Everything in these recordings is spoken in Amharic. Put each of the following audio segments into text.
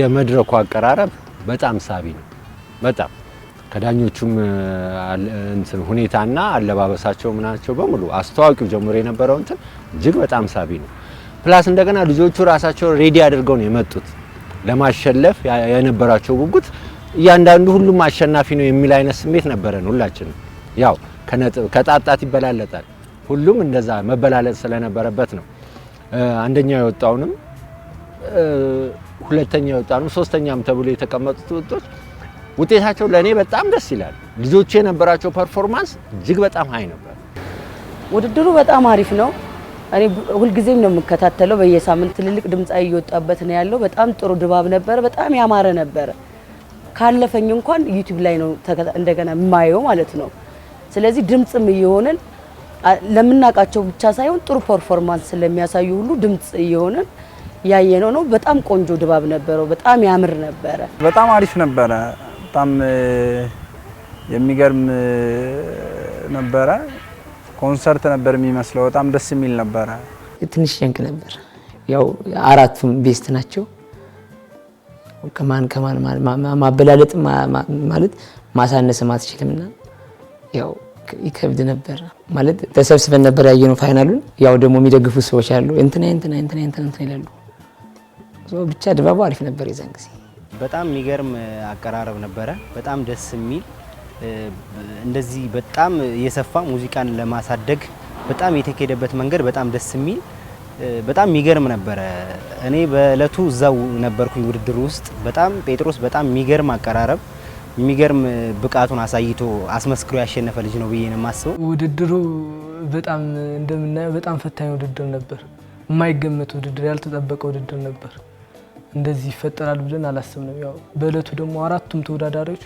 የመድረኩ አቀራረብ በጣም ሳቢ ነው። በጣም ከዳኞቹም እንትን ሁኔታና አለባበሳቸው ምናቸው በሙሉ አስተዋቂው ጀምሮ የነበረው እንትን እጅግ በጣም ሳቢ ነው። ፕላስ እንደገና ልጆቹ ራሳቸው ሬዲ አድርገው ነው የመጡት። ለማሸለፍ የነበራቸው ጉጉት እያንዳንዱ ሁሉም አሸናፊ ነው የሚል አይነት ስሜት ነበረን ሁላችንም። ያው ከጣጣት ይበላለጣል ሁሉም እንደዛ መበላለጥ ስለነበረበት ነው አንደኛው የወጣውንም ሁለተኛ የወጣኑ ሶስተኛም ተብሎ የተቀመጡት ወጦች ውጤታቸው ለእኔ በጣም ደስ ይላል። ልጆቹ የነበራቸው ፐርፎርማንስ እጅግ በጣም ሀይ ነበር። ውድድሩ በጣም አሪፍ ነው። እኔ ሁልጊዜም ነው የምከታተለው። በየሳምንት ትልልቅ ድምፃዊ እየወጣበት ነው ያለው። በጣም ጥሩ ድባብ ነበረ። በጣም ያማረ ነበረ። ካለፈኝ እንኳን ዩቲዩብ ላይ ነው እንደገና የማየው ማለት ነው። ስለዚህ ድምፅም እየሆንን ለምናውቃቸው ብቻ ሳይሆን ጥሩ ፐርፎርማንስ ስለሚያሳዩ ሁሉ ድምፅ እየሆንን ያየነው ነው። በጣም ቆንጆ ድባብ ነበረው። በጣም ያምር ነበረ። በጣም አሪፍ ነበረ። በጣም የሚገርም ነበረ። ኮንሰርት ነበር የሚመስለው። በጣም ደስ የሚል ነበረ። ትንሽ ጀንቅ ነበር። ያው አራቱም ቤስት ናቸው። ከማን ከማን ማበላለጥ ማለት ማሳነስ አትችልምና ያው ይከብድ ነበር ማለት ተሰብስበን ነበር ያየነው ፋይናሉን። ያው ደግሞ የሚደግፉ ሰዎች አሉ። እንትና እንትና እንትና እንትና ይላሉ ብቻ ድባቡ አሪፍ ነበር። የዛን ጊዜ በጣም የሚገርም አቀራረብ ነበረ። በጣም ደስ የሚል እንደዚህ በጣም የሰፋ ሙዚቃን ለማሳደግ በጣም የተካሄደበት መንገድ በጣም ደስ የሚል በጣም የሚገርም ነበረ። እኔ በእለቱ እዛው ነበርኩኝ ውድድር ውስጥ። በጣም ጴጥሮስ በጣም የሚገርም አቀራረብ የሚገርም ብቃቱን አሳይቶ አስመስክሮ ያሸነፈ ልጅ ነው ብዬ ነው የማስበው። ውድድሩ በጣም እንደምናየው በጣም ፈታኝ ውድድር ነበር። የማይገመት ውድድር፣ ያልተጠበቀ ውድድር ነበር። እንደዚህ ይፈጠራል ብለን አላሰብንም። ያው በእለቱ ደግሞ አራቱም ተወዳዳሪዎች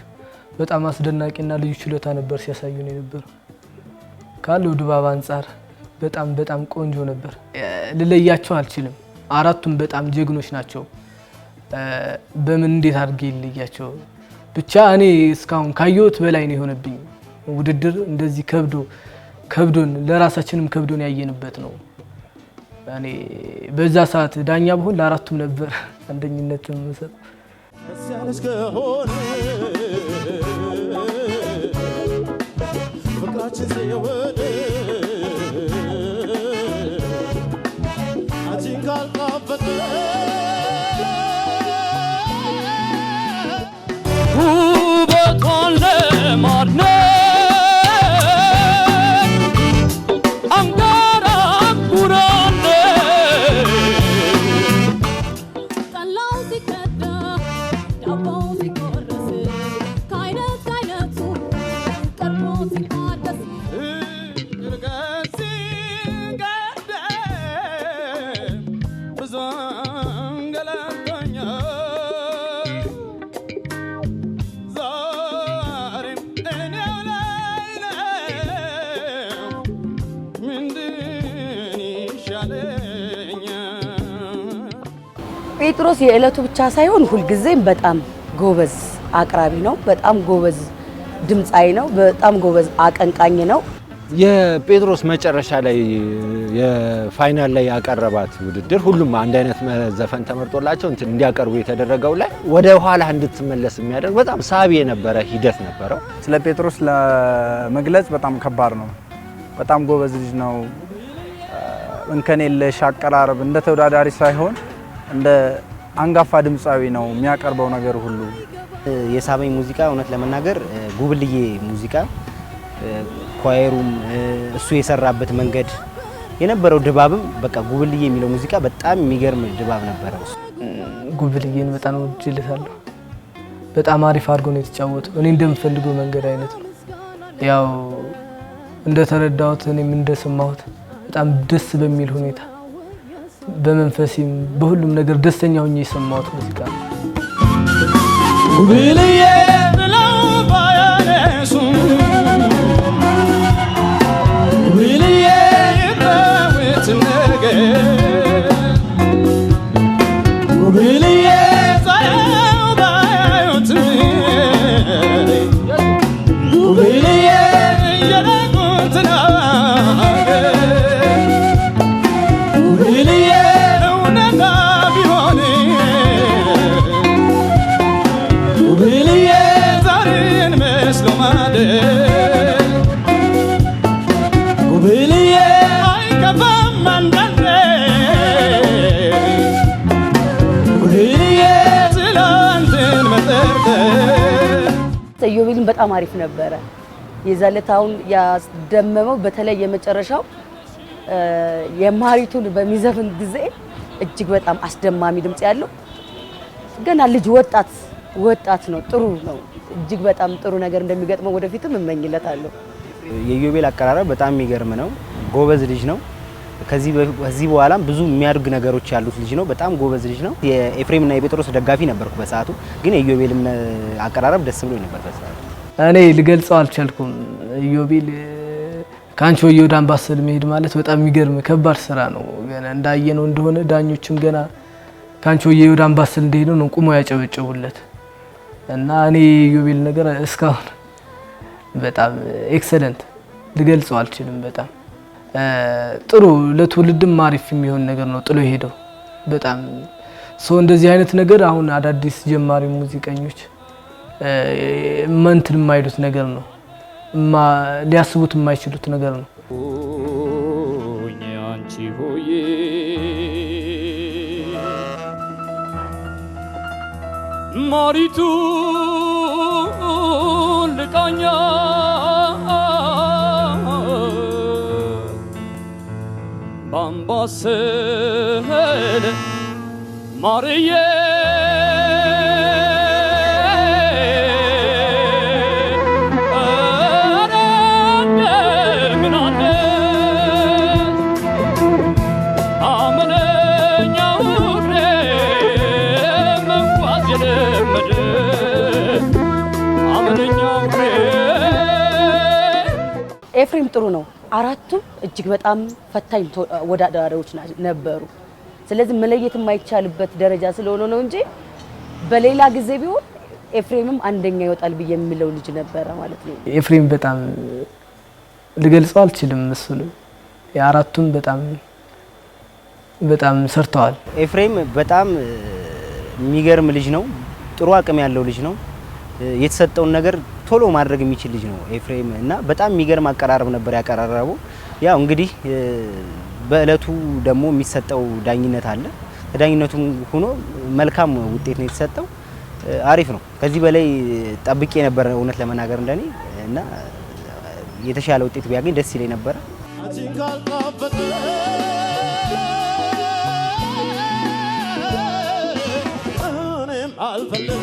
በጣም አስደናቂና ልዩ ችሎታ ነበር ነው የነበር ካለው ድባብ አንጻር በጣም በጣም ቆንጆ ነበር። ልለያቸው አልችልም። አራቱም በጣም ጀግኖች ናቸው። በምን እንዴት አድርጌ ልለያቸው? ብቻ እኔ እስካሁን ካየሁት በላይ ነው የሆነብኝ። ውድድር እንደዚህ ከብዶ ከብዶን ለራሳችንም ከብዶን ያየንበት ነው። እኔ በዛ ሰዓት ዳኛ ብሆን ለአራቱም ነበር አንደኝነት መሰጥ ፍቅራችን ጴጥሮስ የዕለቱ ብቻ ሳይሆን ሁልጊዜም በጣም ጎበዝ አቅራቢ ነው። በጣም ጎበዝ ድምፃዊ ነው። በጣም ጎበዝ አቀንቃኝ ነው። የጴጥሮስ መጨረሻ ላይ የፋይናል ላይ ያቀረባት ውድድር ሁሉም አንድ አይነት ዘፈን ተመርጦላቸው እንትን እንዲያቀርቡ የተደረገው ላይ ወደ ኋላ እንድትመለስ የሚያደርግ በጣም ሳቢ የነበረ ሂደት ነበረው። ስለ ጴጥሮስ ለመግለጽ በጣም ከባድ ነው። በጣም ጎበዝ ልጅ ነው። እንከን የለሽ አቀራረብ እንደ ተወዳዳሪ ሳይሆን እንደ አንጋፋ ድምፃዊ ነው የሚያቀርበው ነገር ሁሉ። የሳበኝ ሙዚቃ እውነት ለመናገር ጉብልዬ ሙዚቃ ኳየሩም እሱ የሰራበት መንገድ የነበረው ድባብም በቃ ጉብልዬ የሚለው ሙዚቃ በጣም የሚገርም ድባብ ነበረው። ጉብልዬን በጣም ወድጄለታለሁ። በጣም አሪፍ አድርጎ ነው የተጫወተው። እኔ እንደምፈልገው መንገድ አይነት ነው ያው እንደተረዳሁት እኔም እንደሰማሁት በጣም ደስ በሚል ሁኔታ በመንፈሴም በሁሉም ነገር ደስተኛ ሆኜ የሰማሁት ሙዚቃ ብልዬ ብለው ባያነሱ ብልዬ ነገር ብልዬ ኢዮቤልም በጣም አሪፍ ነበረ። የዛለት አሁን ያስደመመው በተለይ የመጨረሻው የማሪቱን በሚዘፍን ጊዜ እጅግ በጣም አስደማሚ ድምጽ ያለው ገና ልጅ ወጣት ወጣት ነው። ጥሩ ነው። እጅግ በጣም ጥሩ ነገር እንደሚገጥመው ወደፊትም እመኝለታለሁ። የኢዮቤል አቀራረብ በጣም የሚገርም ነው። ጎበዝ ልጅ ነው። ከዚህ በኋላም ብዙ የሚያድግ ነገሮች ያሉት ልጅ ነው። በጣም ጎበዝ ልጅ ነው። የኤፍሬምና የጴጥሮስ ደጋፊ ነበርኩ በሰዓቱ። ግን የኢዮቤልም አቀራረብ ደስ ብሎ ነበር በሰዓቱ። እኔ ልገልጸው አልቻልኩም። ኢዮቤል ከአንቺ ወደ አምባሰል መሄድ ማለት በጣም የሚገርም ከባድ ስራ ነው። ገና እንዳየነው እንደሆነ ዳኞችም ገና ከአንቺ ወደ አምባሰል እንደሄደው ነው ቁሞ ያጨበጨቡለት እና እኔ ኢዮቤል ነገር እስካሁን በጣም ኤክሰለንት ልገልጸው አልችልም በጣም ጥሩ ለትውልድም አሪፍ የሚሆን ነገር ነው ጥሎ የሄደው በጣም ሰው እንደዚህ አይነት ነገር አሁን አዳዲስ ጀማሪ ሙዚቀኞች መንትን የማይሉት ነገር ነው፣ ሊያስቡት የማይችሉት ነገር ነው። አንቺ ሆዬ ማሪቱ ልቃኛ ባምባሰል ማርዬ ኤፍሬም ጥሩ ነው። አራቱም እጅግ በጣም ፈታኝ ወዳዳሪዎች ነበሩ። ስለዚህ መለየት የማይቻልበት ደረጃ ስለሆነ ነው እንጂ በሌላ ጊዜ ቢሆን ኤፍሬምም አንደኛ ይወጣል ብዬ የሚለው ልጅ ነበረ ማለት ነው። ኤፍሬም በጣም ልገልጸው አልችልም። ምስሉ የአራቱም በጣም በጣም ሰርተዋል። ኤፍሬም በጣም የሚገርም ልጅ ነው። ጥሩ አቅም ያለው ልጅ ነው። የተሰጠውን ነገር ቶሎ ማድረግ የሚችል ልጅ ነው ኤፍሬም እና በጣም የሚገርም አቀራረብ ነበር ያቀራረቡ። ያው እንግዲህ በእለቱ ደግሞ የሚሰጠው ዳኝነት አለ። ከዳኝነቱም ሆኖ መልካም ውጤት ነው የተሰጠው። አሪፍ ነው። ከዚህ በላይ ጠብቄ የነበረ እውነት ለመናገር እንደኔ እና የተሻለ ውጤት ቢያገኝ ደስ ይለኝ ነበረ። አልፈልግም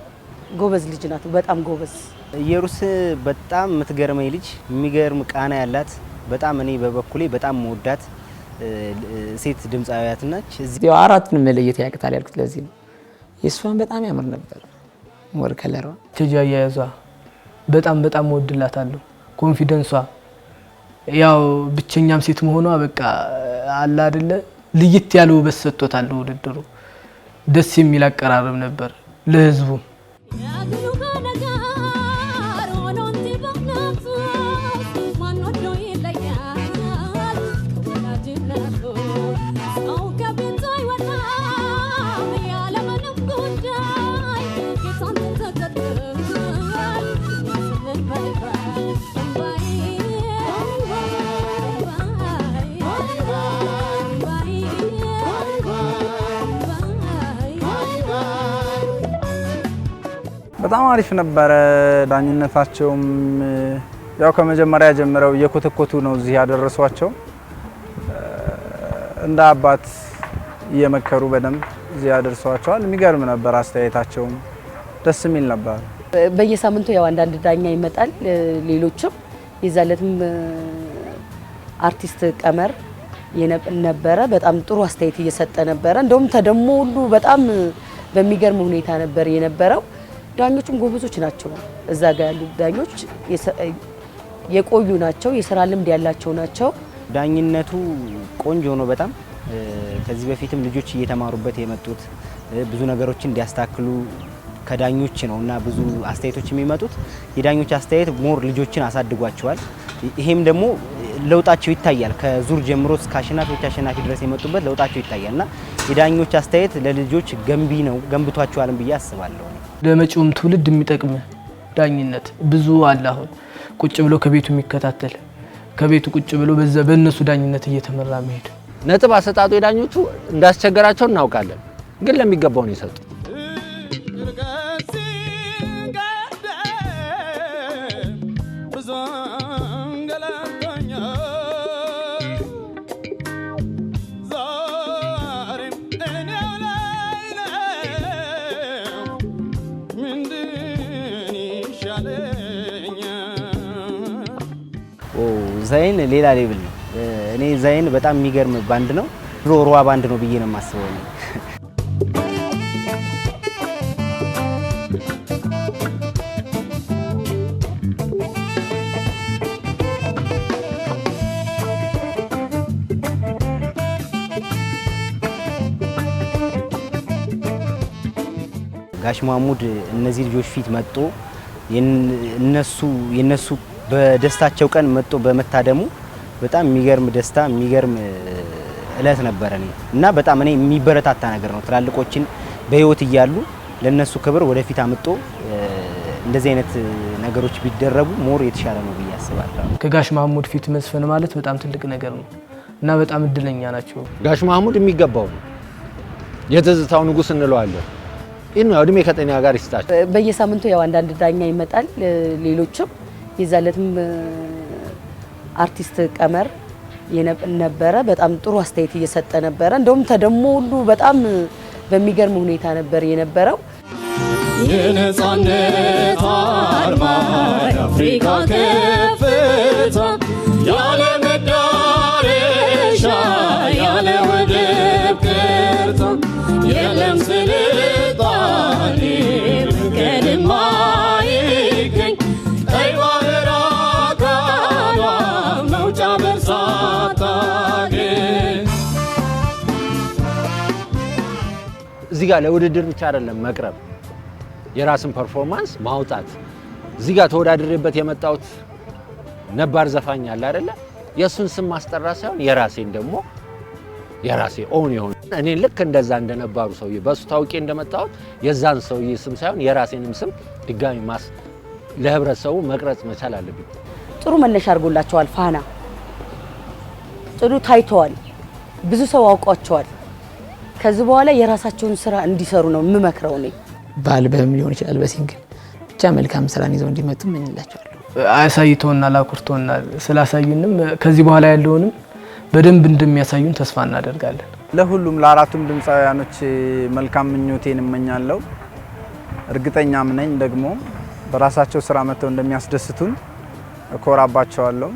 ጎበዝ ልጅ ናት። በጣም ጎበዝ ኢየሩስ በጣም የምትገርመኝ ልጅ፣ የሚገርም ቃና ያላት በጣም እኔ በበኩሌ በጣም መወዳት ሴት ድምፃዊያት ናች። እዚያው አራቱን መለየት ያቅታል ያልኩት ለዚህ ነው። የእሷን በጣም ያምር ነበር ወር ከለሯ ቴጂ አያያዟ በጣም በጣም እወድላታለሁ። ኮንፊደንሷ ያው ብቸኛም ሴት መሆኗ በቃ አለ አይደለ ልይት ያለ ውበት ሰጥቶታል። ውድድሩ ደስ የሚል አቀራረብ ነበር ለህዝቡ በጣም አሪፍ ነበረ። ዳኝነታቸውም ያው ከመጀመሪያ ጀምረው እየኮተኮቱ ነው እዚህ ያደረሷቸው። እንደ አባት እየመከሩ በደንብ እዚህ ያደርሷቸዋል። የሚገርም ነበር አስተያየታቸውም፣ ደስ የሚል ነበር። በየሳምንቱ ያው አንዳንድ ዳኛ ይመጣል። ሌሎችም የዛለትም አርቲስት ቀመር ነበረ። በጣም ጥሩ አስተያየት እየሰጠ ነበረ። እንደውም ተደሞ ሁሉ በጣም በሚገርም ሁኔታ ነበር የነበረው። ዳኞቹም ጎበዞች ናቸው። እዛ ጋር ያሉ ዳኞች የቆዩ ናቸው፣ የስራ ልምድ ያላቸው ናቸው። ዳኝነቱ ቆንጆ ነው በጣም ከዚህ በፊትም ልጆች እየተማሩበት የመጡት ብዙ ነገሮችን እንዲያስተካክሉ ከዳኞች ነው እና ብዙ አስተያየቶች የሚመጡት የዳኞች አስተያየት ሞር ልጆችን አሳድጓቸዋል። ይሄም ደግሞ ለውጣቸው ይታያል። ከዙር ጀምሮ እስከ አሸናፊዎች አሸናፊ ድረስ የመጡበት ለውጣቸው ይታያል እና የዳኞች አስተያየት ለልጆች ገንቢ ነው ገንብቷቸዋልም ብዬ አስባለሁ። ለመጪውም ትውልድ የሚጠቅም ዳኝነት ብዙ አለ። አሁን ቁጭ ብሎ ከቤቱ የሚከታተል ከቤቱ ቁጭ ብሎ በዛ በእነሱ ዳኝነት እየተመራ መሄድ። ነጥብ አሰጣጡ የዳኞቹ እንዳስቸገራቸው እናውቃለን፣ ግን ለሚገባው ነው የሰጡት። ዛይን ሌላ ሌብል ነው። እኔ ዛይን በጣም የሚገርም ባንድ ነው። ድሮ ሮዋ ባንድ ነው ብዬ ነው የማስበው። ጋሽ ማሙድ እነዚህ ልጆች ፊት መጥቶ የነሱ በደስታቸው ቀን መጥቶ በመታደሙ በጣም የሚገርም ደስታ የሚገርም እለት ነበረ እና በጣም እኔ የሚበረታታ ነገር ነው። ትላልቆችን በህይወት እያሉ ለነሱ ክብር ወደፊት አምጦ እንደዚህ አይነት ነገሮች ቢደረጉ ሞር የተሻለ ነው ብዬ አስባለሁ። ከጋሽ ማህሙድ ፊት መዝፈን ማለት በጣም ትልቅ ነገር ነው እና በጣም እድለኛ ናቸው። ጋሽ ማህሙድ የሚገባው ነው። የትዝታው ንጉስ እንለዋለን። ይህ ነው እድሜ ከጤና ጋር ይስጣቸው። በየሳምንቱ ያው አንዳንድ ዳኛ ይመጣል ሌሎችም የዛለትም አርቲስት ቀመር ነበረ። በጣም ጥሩ አስተያየት እየሰጠ ነበረ። እንደውም ተደሞ ሁሉ በጣም በሚገርም ሁኔታ ነበር የነበረው። የነጻነት አርማ የአፍሪካ ከፍታ ጋር ለውድድር ብቻ አይደለም መቅረብ፣ የራስን ፐርፎርማንስ ማውጣት። እዚህ ጋር ተወዳድሬበት የመጣሁት ነባር ዘፋኝ አለ አይደለ? የእሱን ስም ማስጠራ ሳይሆን የራሴን ደግሞ የራሴ ኦን የሆነ እኔ ልክ እንደዛ እንደነባሩ ሰውዬ በእሱ ታውቂ እንደመጣሁት የዛን ሰውዬ ስም ሳይሆን የራሴንም ስም ድጋሚ ማስ ለህብረተሰቡ መቅረጽ መቻል አለብኝ። ጥሩ መነሻ አድርጎላቸዋል ፋና ጥሩ ታይተዋል። ብዙ ሰው አውቋቸዋል። ከዚህ በኋላ የራሳቸውን ስራ እንዲሰሩ ነው የምመክረው። እኔ በአልበም ሊሆን ይችላል፣ በሲንግል ብቻ መልካም ስራን ይዘው እንዲመጡ እመኝላቸዋለሁ። አሳይቶናል፣ አኩርቶናል። ስላሳዩንም ከዚህ በኋላ ያለውንም በደንብ እንደሚያሳዩን ተስፋ እናደርጋለን። ለሁሉም ለአራቱም ድምፃውያኖች መልካም ምኞቴን እመኛለሁ። እርግጠኛም ነኝ ደግሞ በራሳቸው ስራ መጥተው እንደሚያስደስቱን እኮራባቸዋለሁ።